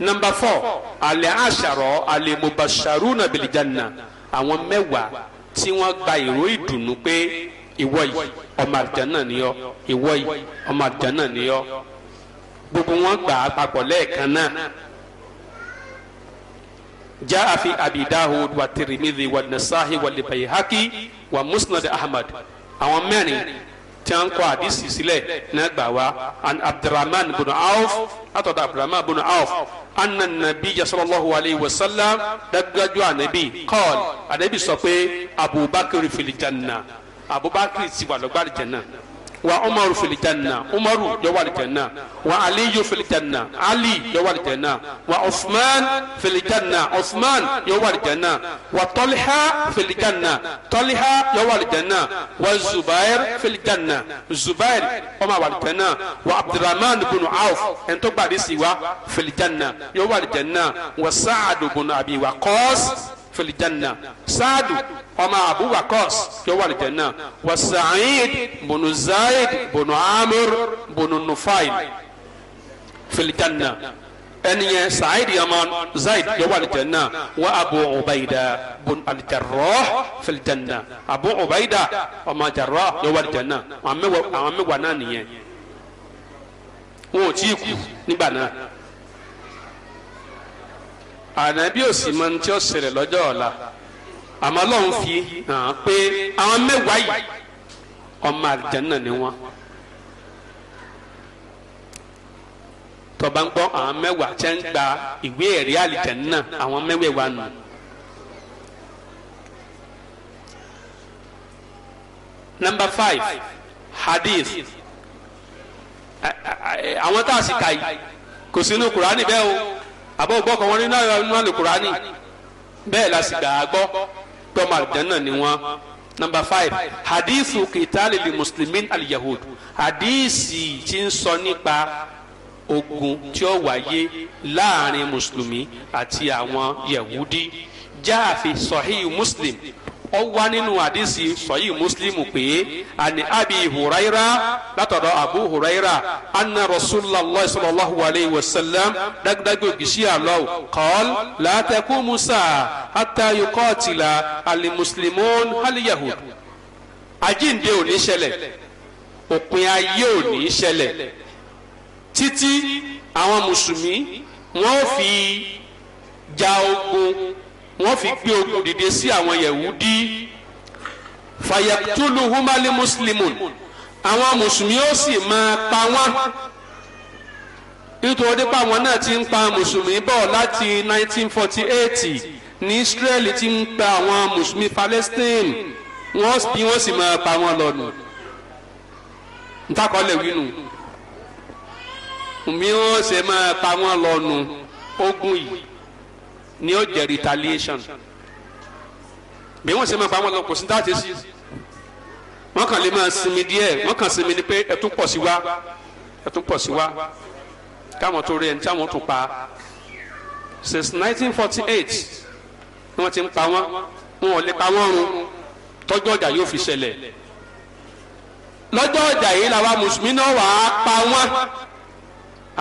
nọmba fọ alẹ aṣarọ alẹ mubasharu nabilijanna àwọn mẹ́wàá tí wọ́n gba ìró ìdùnnú pé ìwọ yìí ọmọ àlùjánnà ni ọ́ ìwọ yìí ọmọ àlùjánnà ni ọ́ gbogbo wọn gbà á papọ̀ lẹ́ẹ̀kan náà já àfi abi wa tirimidhi wa nasahi wa libayhaki wa musnad ahmad àwọn mẹ́rin tí a ń kọ àdìsí sílẹ̀ náà gbà wá abdulrahman bin auf látọ̀dọ̀ abdulrahman bin auf anna nabi sallallahu alayhi wa sallam dájúdájú anabi kọ́ọ̀lì anabi sọ pé abubakar fil janna abubakar ti wà lọ́gbàdìjẹ́ wa umaru filijanna umaru yowalijanna wa aliyu filijanna ali yowalijanna wa usman filijanna usman yowalijanna wa tolha filijanna tolha yowalijanna wa zubair filijanna zubair ọmọ walijanna wa abdulrahman bin auf ẹnitọgbadisi wa filijanna yowalijanna wa saadu bin abi wa kọs filijanna saadu ọmọ abu wakos yóò wà lìjanna wa sa'id bunu zaid bunu amir bunu nufail filijanna ẹniyẹ sa'id ọmọ zaid yóò wà lìjanna wa abu ubaida bunu alijarrah filijanna abu ubaida ọmọ jarrah yóò wà lìjanna àwọn mẹ́wàá náà nìyẹn wọn ò tí ì kú nígbà náà ànábì ò sì mọ ní tí ó ṣẹlẹ̀ lọ́jọ́ ọ̀la àmọ́ Ọlọ́run fi hàn pé àwọn mẹ́wàá yìí ọmọ àlìjánná ni wọ́n tó bá ń gbọ́ àwọn mẹ́wàá tí ń gba ìwé ẹ̀rí àlìjánná àwọn mẹ́wàá nù. number five hadith àwọn tá a sì kà yìí kò sínú kùránì bẹ́ẹ̀ o àbọ̀ gbọ́ kan wọn nínú àwọn alukurani bẹ́ẹ̀ la sì gbà á gbọ́ pé ọmọ àlùjánnà ni wọ́n. number five hadithu kìtàlì lè mùsùlùmí aliyahud hadithi tí ń sọ nípa ogun tí ó wáyé láàrin mùsùlùmí àti àwọn yahudi jáàfi sọ̀hí muslim ó wá nínú àdìsí sọ̀yí mùsùlùmù pé àní abi huraira látọ̀dọ̀ abu huraira anna rasulallah sallallahu alayhi wa sallam dágbágbé ògìsí àlọ́ kọ́l látẹ̀kú musa hatayu kọ́ọ̀tìlà alimuslimun aliyahud àjíǹde ò ní ṣẹlẹ̀ òpin ayé ò ní ṣẹlẹ̀ títí àwọn mùsùlùmí wọn ò fi ja ogun wọ́n fi gbé ogun dìde sí àwọn yẹ̀wúdí fàyàtúlù humali muslimun àwọn mùsùlùmí ó sì máa pa wọ́n nítorí pé àwọn náà ti ń pa mùsùlùmí bọ̀ láti 1948 ní Israel ti ń pa àwọn mùsùlùmí Palestine wọ́n bí wọ́n sì máa pa wọ́n lọ́nu ntakọ̀lẹ̀ wínú mi wọ́n sì máa pa wọ́n lọ́nu ogun yìí ni ó jẹ́ retaliation bí wọ́n ṣe máa pa wọn lọ kò sí dáàtì sí wọ́n kàn lè máa sinmi díẹ̀ wọ́n kàn sinmi ni pé ẹ tún sí wa ẹ tún sí wa káwọn tó rí ẹni táwọn tún pa since 1948 ni wọ́n ti ń pa wọ́n wọn ò lè pa wọ́n run tọ́jú ọjà yóò fi ṣẹlẹ̀ lọ́jọ́ ọjà yìí làwa mùsùlùmí náà wà pa wọ́n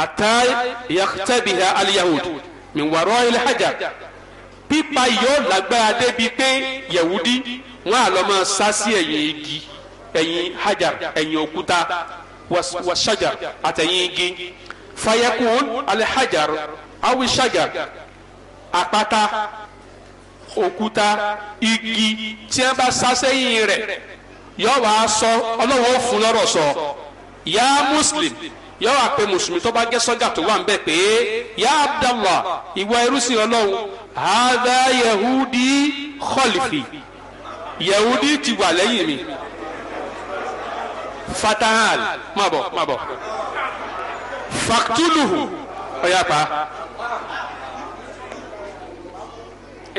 àtà yàtẹ̀bìhà aliyahud min wara'il hajar pípa yóò lágbára débi pé yẹ̀wúdí wọn àlọ́ máa sá sí igi ẹ̀yìn hajar ẹ̀yìn òkúta wàṣàjà àtẹ̀yìn igi fayakun alhajar awishajar àpáta òkúta igi tí wọn bá sá sẹ́yìn rẹ̀ yóò wá sọ ọlọ́wọ́ fún lọ́rọ̀ sọ yá muslim. muslim yọ wá pé mùsùlùmí tó bá gé sọ́jà tó wà ń bẹ̀ pé yá Abdallah ìwà ẹrúsì ọlọ́run àádá yahudi khalifi yahudi ti wà lẹ́yìn mi fatahal má bọ̀ má bọ̀ pa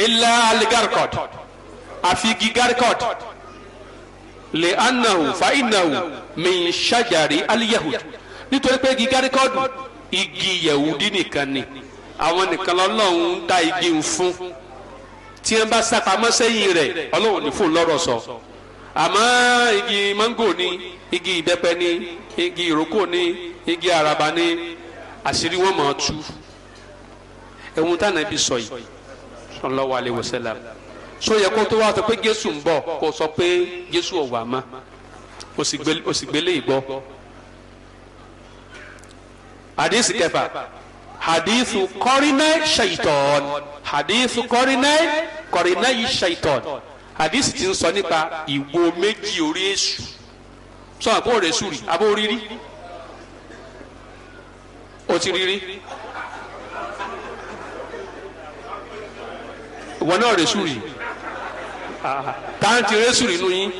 ilà aligarikọt àfi gigarikọt lè anahu fa inahu min ṣàjàrí aliyahud nítorí pé igi gárikọ́dù igi yẹ̀wùdí nìkan ni àwọn nìkan lọ́lọ́run ń ta igi ń fún tí wọ́n bá sàpamọ́ sẹ́yìn rẹ̀ ọlọ́run ní fún lọ́rọ̀ sọ àmọ́ igi mángò ni igi ìbẹ́pẹ ni igi ìrókò ni igi àràbà ni àṣírí wọn máa tú ẹ̀wùn táwọn ẹbí sọ yìí sallallahu alaihi so yẹ kó tó wá sọ pé jésù ń bọ̀ kó sọ pé jésù ò wá ó sì gbélé ìgbọ́ hadith kẹfà hadithu kọrinẹ shaitan hadithu kọrinẹ kọrinẹ yìí shaitan hadith ti ń sọ nípa ìwo méjì orí èṣù sọ àbó rẹ sùn rí àbó rírí o ti rírí ìwọ náà rẹ sùn rí táǹtì rẹ sùn rí yín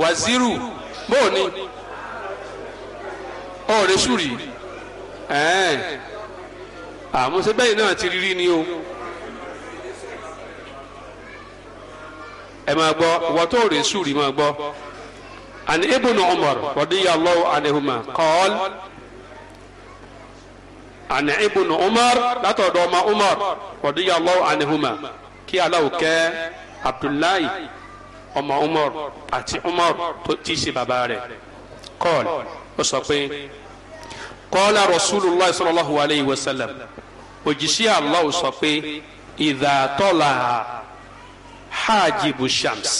wàzírù bóò ni ọ̀rẹ́ sùrì ẹ̀ẹ́n àmọ́ ṣe bẹ́ẹ̀ náà ti rírí ni o ẹ máa gbọ́ wọ́tò ọ̀rẹ́ sùrì máa gbọ́ àní ibùnú Umar radiyallahu anhuma qal àní ibùnú Umar látọ̀dọ̀ ọmọ Umar radiyallahu anhuma kí aláwọ̀ kẹ́ Abdullahi ọmọ Umar àti Umar tó ti ṣe bàbá rẹ̀ kọ́ọ̀lù ó sọ pé kọ́ọ̀lù rasulillah sallallahu alayhi wa sallam òjíṣẹ́ allah sọ pé ìdàtọ́là hajibu shams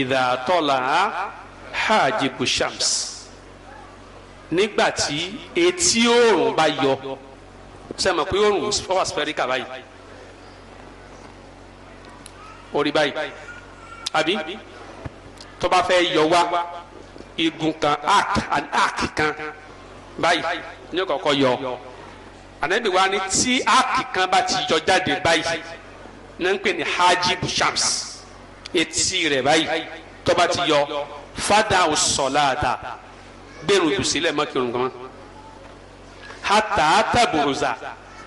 ìdàtọ́là hajibu shams nígbà tí etí oòrùn bá yọ sẹ́mi pé oòrùn ọwà spherical báyìí orí báyìí àbí tó bá fẹ́ yọ wá igun kan arc and arc kan báyìí ní o kọ́kọ́ yọ ànábì wa ni tí arc kan bá ti yọ jáde báyìí ní n pè ní hajibu shams etí rẹ̀ báyìí tó bá ti yọ fada sọláàdà gbẹrun jù sílẹ̀ mọ́kìrún kan hata taburuza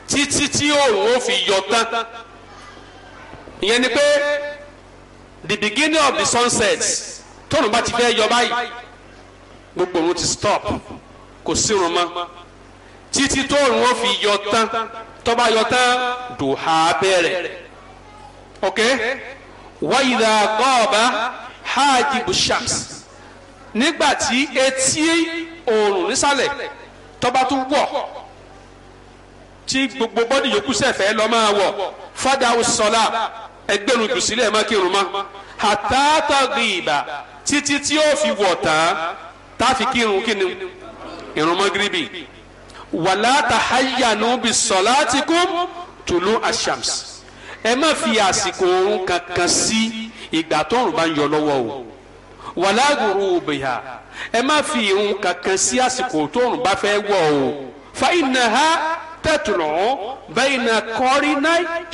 títí tí òun ó fi yọ tán ìyẹn ni pé the beginning of the sunset tóun bá ti fẹ́ yọ báyìí gbogbo òun ti stop kò sírun mọ́ títí tó òun ó fi yọ tán tó bá yọ tán dùhà bẹ̀rẹ̀ ok wáyìlá gọ́ọ̀bá hajibu shams nígbà tí etí oòrùn nísàlẹ̀ tó tún wọ̀ tí gbogbo bọ́dì yòókù sẹ̀fẹ̀ lọ́ máa wọ̀ fada sọlá ẹgbẹ́rún jù sílẹ̀ má kírun mọ́ àtàtà gbìyìnbà títí tí ó fi wọ̀ tán táàfi kírun kíni irun mọ́gíríbì wàlá tahayyanu bi salatikum tulu ashams ẹ má fi àsìkò oorun kankan sí ìgbà tóorùn bá ń yọ lọ́wọ́ o wàlá gurubiha ẹ má fi irun kankan sí àsìkò tóorùn bá fẹ́ wọ̀ o fa innaha tẹ̀tùrọ̀ bẹ́ẹ̀nà kọ́rínà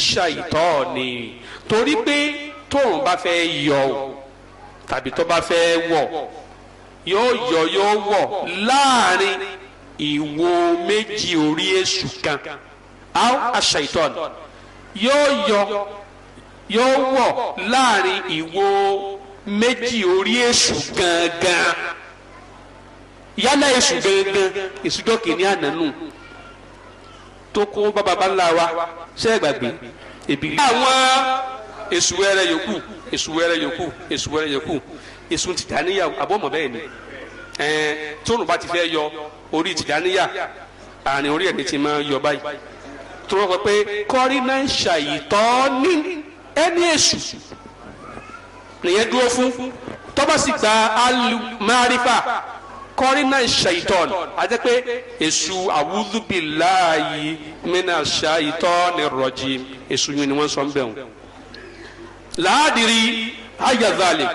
ṣàìtọ́ọ̀nì torí pé tóun bá fẹ́ yọ tàbí tó bá fẹ́ wọ̀ yóò yọ yóò wọ̀ láàrin ìwo méjì orí èṣù kan àwọn aṣàìtọ́n yóò yọ yóò wọ̀ láàrin ìwo méjì orí èṣù gangan yálà èṣù gangan èṣù jọ́kì ní ànánú tó kó bàbá ńlá wa ṣe é gbàgbé èbìrì. àwọn èṣù wẹrẹ yòókù èṣù wẹrẹ yòókù èṣù wẹrẹ yòókù èso tìdáníyà abomo bẹ́ẹ̀ ni ẹ̀ẹ́n tóun bá ti fẹ́ yọ orí tìdáníyà àárín orí ẹ̀ ní ti máa yọ báyìí tó wọ́n kọ pé kọ́rí náà ń ṣàyìtọ́ ní ẹni èṣù nìyẹn dúró fún tọ́ba sì gba alùmárífà kọ́rí náà ṣàyìtọ́n àti pé èṣù àwùdúbìláàyè mẹ́nà ṣàyìtọ́n rọ̀jì èṣù yìí ni wọ́n sọ ń bẹ̀ wọ́n. láàdìrí ayazali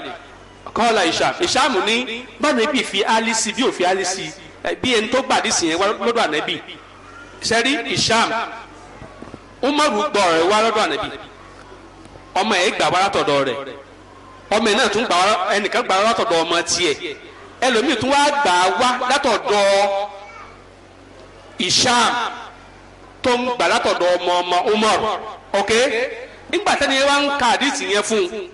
kọ́ọ̀lá ìṣàm ìṣàm ní báyìí níbi fi alisi bí fi alisi bí ẹni tó gbàdísì yẹn wá lọ́dọ̀ ànábì sẹ́rí ìṣàm umaru gbọ́ ọ̀rẹ́ wá lọ́dọ̀ ànábì ọmọ ẹ̀ gbà wá látọ̀dọ̀ rẹ̀ ọmọ ẹ̀ náà tún gbà wá ẹnìkan gbà wá látọ̀dọ̀ ọmọ tiẹ̀ ẹlòmíì tún wá gbà wá látọ̀dọ̀ ìṣàm tó ń gbà látọ̀dọ̀ ọmọ ọmọ umaru ok nígbà tẹ́ni yẹn wá ń ka àdìsí yẹn fún un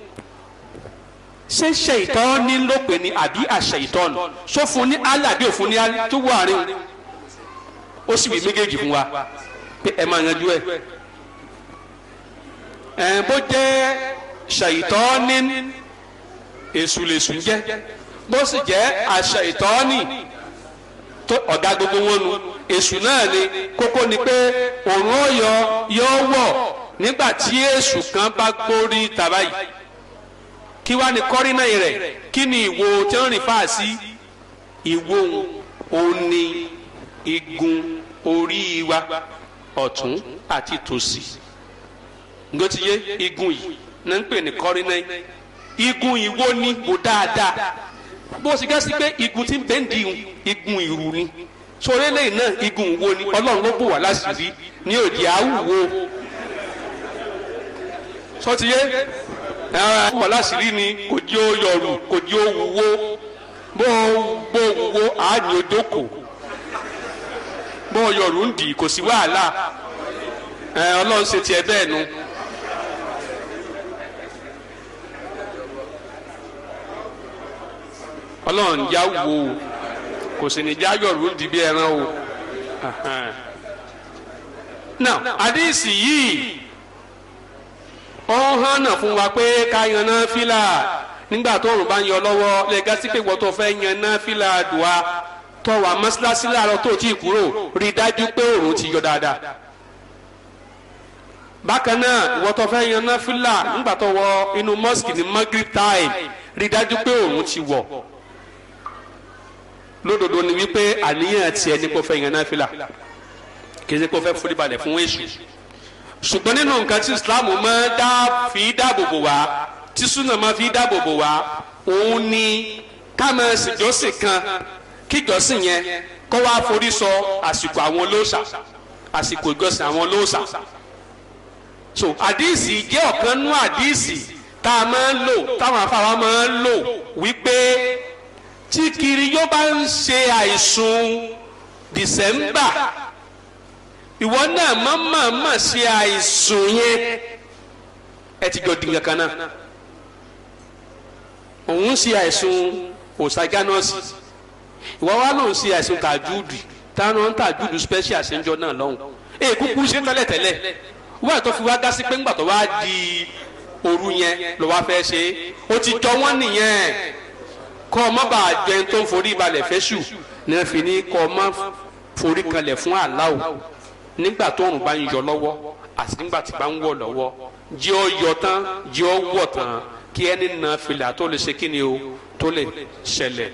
ṣé ṣèitán ní ló pè ní àbí àṣèitán sọ fún ní aládé òfun ní alẹ́ tó wà rí ó sì wí méjèèjì fún wa pé ẹ máa yanjú ẹ ẹ bó jẹ ṣèitán ní èṣù lèṣù jẹ bó sì jẹ àṣèitán tó ọ̀gá gbogbo wọn nu èṣù náà ni kókó ni pé òun ọ̀yọ́ yọ wọ̀ nígbà tí èṣù kan bá gbórí tàbá yìí kí wá ní kọ́rínà rẹ̀ kí ni ìwo tí wọ́n rìn fà sí ìwo òní igun orí wa ọ̀tún àti tòsí ngotiye igun yìí ní ń pè ní kọ́rínà igun ìwo ni wò dáadáa bó o sì gá pé igun ti ń bẹ́ẹ̀ di igun ìrù ni sórí lẹ́yìn náà igun ìwo ni ọlọ́run ló bò wá láṣìírí ní òdì àwùwo sọtiyé. So ara wọn láṣìírí ni kò jí ó yọrù kò jí ó wúwo bó bó wúwo àáyí ojókò bó yọrù ń dì kò sí wàhálà ẹ ọlọ́run ṣe tiẹ̀ bẹ́ẹ̀ nu. ọlọ́run já wo kò sì ní já yọrù ń dì bí ẹran o. now àdéhìsì yìí ọ̀n hànà fún wa pé ká yan náà fìlà nígbà tó òrùn bá ń yọ lọ́wọ́ lẹ́gá sí pé wọ́n tó fẹ́ yan náà fìlà dùá tọ́wà mọ́ṣáláṣí láàárọ̀ tó tí ì kúrò rí i dájú pé òrùn ti yọ dáadáa bákan náà wọ́n tó fẹ́ yan náà fìlà nígbà tó wọ inú mosque ní Maghrib time rí i dájú pé òrùn ti wọ̀ lódodo ni wípé àníyàn tiẹ̀ ní kò fẹ́ yan náà fìlà kì í ṣe kò fẹ́ foríbalẹ̀ fún èṣù ṣùgbọ́n nínú nǹkan tí islam máa dá fi dáàbòbò wá tí súnà máa fi dáàbòbò wá òun ni ká máa ṣèjọ́sìn kan kíjọ́sìn yẹn kó wá forí sọ àsìkò àwọn olóòṣà àsìkò ìjọsìn àwọn olóòṣà so àdìsí jẹ́ ọ̀kan nú àdìsí tá a máa ń lò táwọn afáwa máa ń lò wípé tí kiri yóò bá ń ṣe àìsùn dìsẹ́mbà ìwọ náà má má má ṣe àìsùn yẹn ẹ ti jọ dìgbà kan náà òun ṣe àìsùn òṣàgánọ́ọ̀sì ìwọ wa lòun ṣe àìsùn tàjúùdù táwọn ń tàjúùdù special ṣe ń jọ náà lọ́hùn èyí kúkú ṣe tẹ́lẹ̀tẹ́lẹ̀ wọ́n àtọ́ fi wá dá sí pé ńgbà tó wá di òru yẹn ló wá fẹ́ ṣe ó ti jọ wọ́n nìyẹn kọ́ ọ má bàa jẹun tó ń forí balẹ̀ fẹ́ṣù ní wọ́n fi ní kọ́ ọ má forí kanlẹ̀ fún aláwọ̀. nígbà tó òrùn bá ń yọ lọ́wọ́ àti nígbà tí bá ń wọ̀ lọ́wọ́ jẹ́ ọ yọ tán jẹ́ ọ wọ̀ tán kí ẹni na fìlà tó lè ṣe kí ni o tó lè ṣẹlẹ̀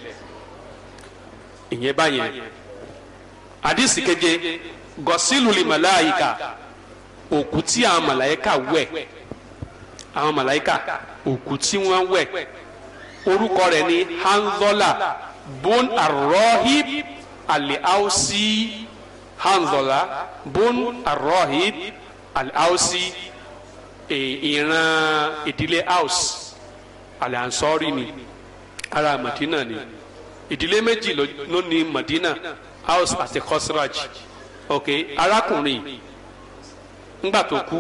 ìyẹn báyẹn àdìsí keje gọ̀sílù lè màláyìíkà òkú tí ni hanzola bon arrohib hanzola bon arrohib al-ausi idile haus, house alansori ni ara madina ni idile meji ló ni madina house ati khosraj ok arákùnrin ńgbà tó ku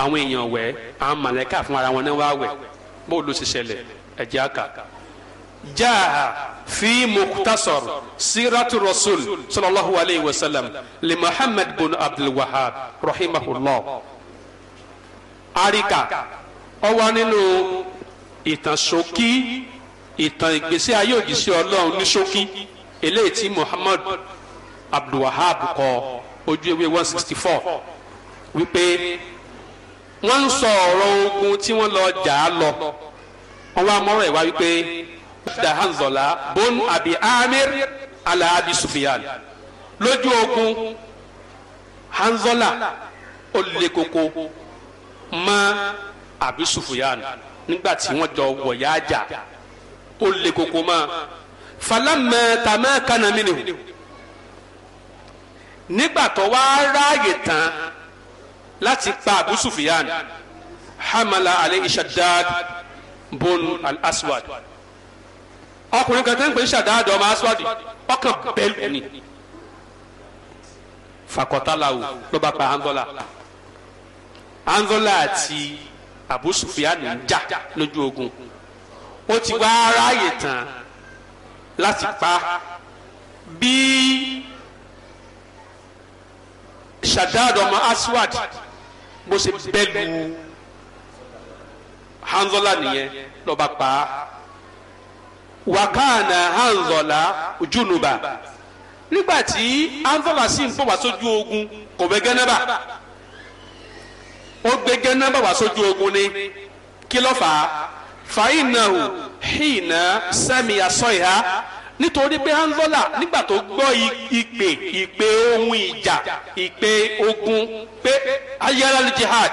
àwọn èèyàn wẹ̀ àwọn mọ̀lẹ́kà fún ara wọn náà wá wẹ̀ bó ló ṣe àkà jáà. fi muktasar siratu rasul sallallahu alayhi wa sallam li muhammad bin abdul wahab rahimahullah arika ó wà nínú ìtàn ṣókí ìtàn ìgbésí ayé òjíṣẹ́ Ọlọ́run ní ṣókí eléyìí tí muhammad abdul wahab kọ ojú ewé one sixty four wípé wọ́n ń sọ ọ̀rọ̀ ogun tí wọ́n lọ jà á lọ wọ́n wá mọ́rọ̀ ẹ̀ wá wípé da hanzola bon abi amir ala abi sufiyan lójú ogun hanzola ó le koko mọ́ abi sufiyan nígbà tí wọ́n jọ wọ̀yá jà ó le koko mọ́ falamma tamakana minhu nígbà tó wá ráàyè tán láti pa abu sufiyan hamala alayhi shaddad bon al-aswad ọkùnrin kan tó ń pè ní sàdáàdọ̀ ọmọ aswadi ọkàn bẹ́ẹ̀lú ni fakọtalawo ló bá pa anzola anzola àti abu sufiyan ń jà lójú ogun ó ti wá aráyè tán láti pa bí sàdáàdọ̀ ọmọ aswadi bó ṣe bẹ́ẹ̀lú anzola nìyẹn ló bá pa á. wakana hanzola junuba nigbati hanzola si sì ń bọ̀ ogun kò bẹ gẹ́nẹ́bà ó gbé gẹ́nẹ́bà wa soju ogun ni kilofa ló fà á fàyínàhù hìnà sẹ́mi àsọ̀yà nítorí pé hanzọla nígbà tó gbọ́ ìpè ìpè ohun ìjà ìpè ogun pé ayára jihad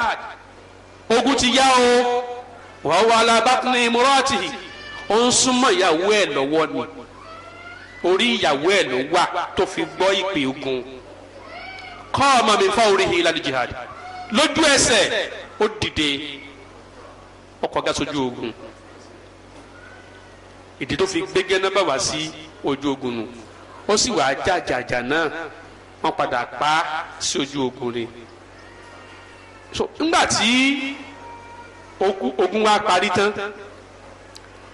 ogun ti yá o wàá wà lábàtúndínlẹ́mọ́rọ́tì. ó ń súnmọ́ ìyàwó ẹ̀ lọ́wọ́ ni orí ìyàwó ẹ̀ ló wà tó fi gbọ́ ìpè ogun kọ́ ọmọ mi fọ́ orí ìlànà jihad lójú ẹsẹ̀ ó dìde ọkọ̀ ga sójú ogun ìdí tó fi gbégé náà bá wá sí ojú ogun nù ó sì wàá jàjàjà náà wọ́n padà pa á sí ojú ogun ni so nígbà tí ogun wa parí tán.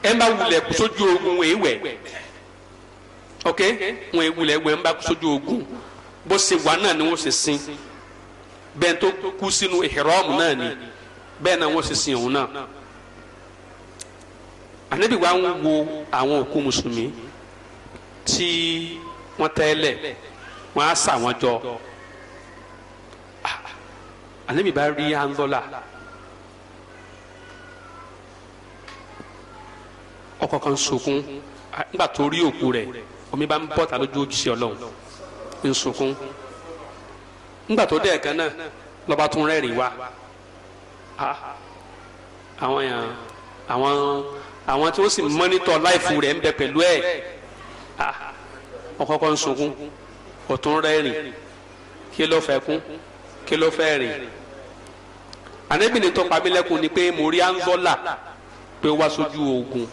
ẹ má wulẹ̀ kó sójú ogun wẹ̀ wẹ̀ ok wọn ẹ wulẹ̀ wẹ̀ ń bá kó sójú ogun bó ṣe wà náà ni wọ́n ṣe sin bẹ́ẹ̀ tó kú sínú ìhìrọ́ọ̀mù náà ni bẹ́ẹ̀ náà wọ́n ṣe sin òun náà ànábì wa ń wo àwọn òkú mùsùlùmí tí wọ́n tẹ́lẹ̀ wọ́n á sà wọ́n jọ ah, ànábì bá rí anzọ́là. ọkọ kan sunkún nígbà tó rí òkú rẹ̀ omi bá ń bọ̀ ta lójú òjíṣẹ́ Ọlọ́run ń sunkún nígbà tó dẹ̀ kan náà lọ́ba tún rẹ́rìn wá àwọn yàn àwọn àwọn tí ó sì mọ́nítọ̀ láìfù rẹ̀ ń bẹ pẹ̀lú ẹ̀ ọkọ kan sunkún ọ̀tún rẹ́rìn kí ló fẹ́ kún kí ló fẹ́ rìn anẹ́bìnrin tó pa lẹ́kùn ni pé mo rí anzola pé wá sójú ogun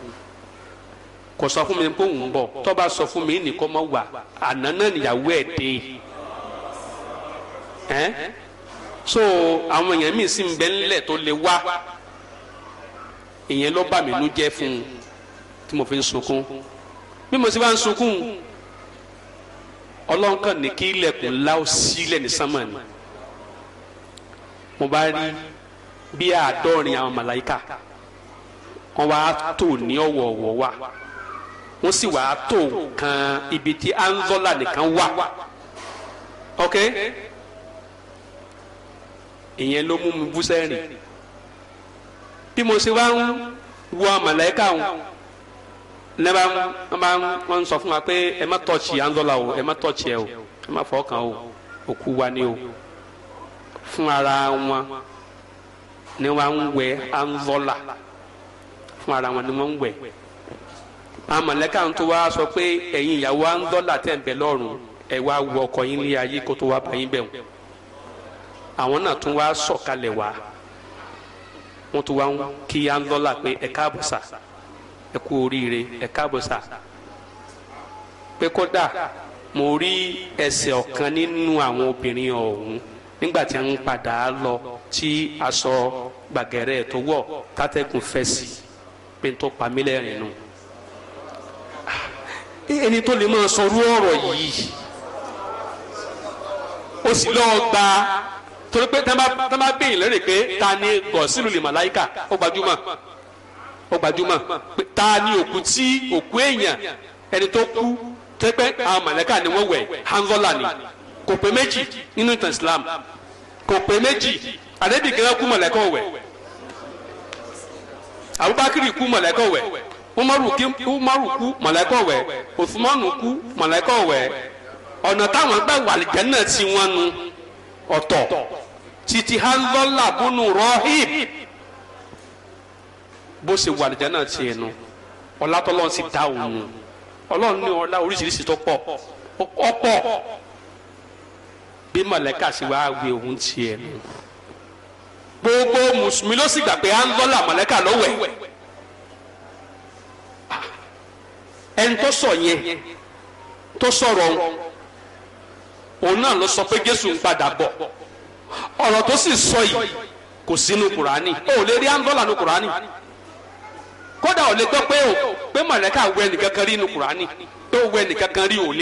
kò sọ fún mi pé òun bọ̀ tó bá sọ fún mi nìkan mọ́ wà àná náà nìyàwó dé ẹ́ so àwọn èèyàn míì sì ń bẹ ńlẹ̀ tó lè wá ìyẹn ló bà mí nú jẹ́ fún un tí mo fi ń sunkún bí mo sì bá ń sunkún ọlọ́run ní kí ilẹ̀kùn ńlá ó sílẹ̀ ní sánmà ni mo bá rí bí àádọ́rin àwọn màláìka wọ́n wá tò ní ọ̀wọ̀ọ̀wọ̀ wá wọ́n sì wàá tó nǹkan ibi tí anzola nìkan wà ok ìyẹn ló mú mi bú sẹ́rìn bí mo ṣe wá ń wo àmàlẹ́kà wọn ní bá wọn sọ fún wa pé ẹ má tọ́ọ̀chì anzola o ẹ má tọ́ọ̀chì ẹ o ẹ má fọ́ o òkú wa ni o fún ara wọn ni wọn ń wẹ anzola fún ara wọn ni wọn ń wẹ. àwọn mọ̀lẹ́kà tó wá sọ pé ẹ̀yin ìyàwó à ń dọ́là tẹ̀ ń bẹ lọ́rùn wọ ọkọ yín ayé kó tó wá bá yín àwọn náà tún wá sọ̀kalẹ̀ wá wọ́n tún wá ń kí à ń dọ́là pé ẹ̀ káàbọ̀ sà oríire ẹ̀ káàbọ̀ mo rí ẹsẹ̀ ọ̀kan nínú àwọn obìnrin ọ̀hún nígbà tí lọ tí aṣọ gbàgẹ̀rẹ̀ tó wọ̀ fẹ́ sí ẹni tó lè máa sọrú ọ̀rọ̀ yìí ó sì lọ́ọ́ gba torí pé tá bá bẹ̀yìn lérè pé ta ni gọ̀ọ́sìlù lè màláìkà ó gbajúmọ̀ ó gbajúmọ̀ pé ta ni òkú tí òkú èèyàn ẹni tó kú tẹ́pẹ́ àwọn màláìkà ni wọ́n wẹ̀ hanzola ni kò pé méjì nínú ìtàn Islam kò pé méjì àdébìgẹ́ kú màláìkà wẹ̀ Abubakar kú màláìkà wẹ̀. umaru kí umaru kú mọ̀lẹ́kọ̀ wẹ̀ osumanu kú mọ̀lẹ́kọ̀ wẹ̀ ọ̀nà táwọn gbà wà náà tí wọn nu ọ̀tọ̀ títí hanzọ́là búnú bó ṣe wà náà ti nu ọ̀làtọ́lọ́n dá òun ọlọ́run ní oríṣiríṣi tó pọ̀ ọ̀pọ̀ bí sì wá òun nu gbogbo mùsùlùmí ló sì gbà pé ẹni tó sọ yẹn tó sọ̀rọ̀ òun náà ló sọ pé Jésù ń padà bọ̀ ọ̀rọ̀ tó sì sọ yìí kò sínú Kùránì ó lè rí andola nu Kùránì kódà ò lè gbọ́ pé ò pé mọ̀lẹ́kà wẹ nìkan kan rí nu Kùránì pé ó wẹ nìkan rí ò gbọ́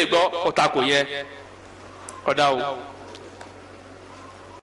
e gbọ́ kò yẹ ọ̀dà o.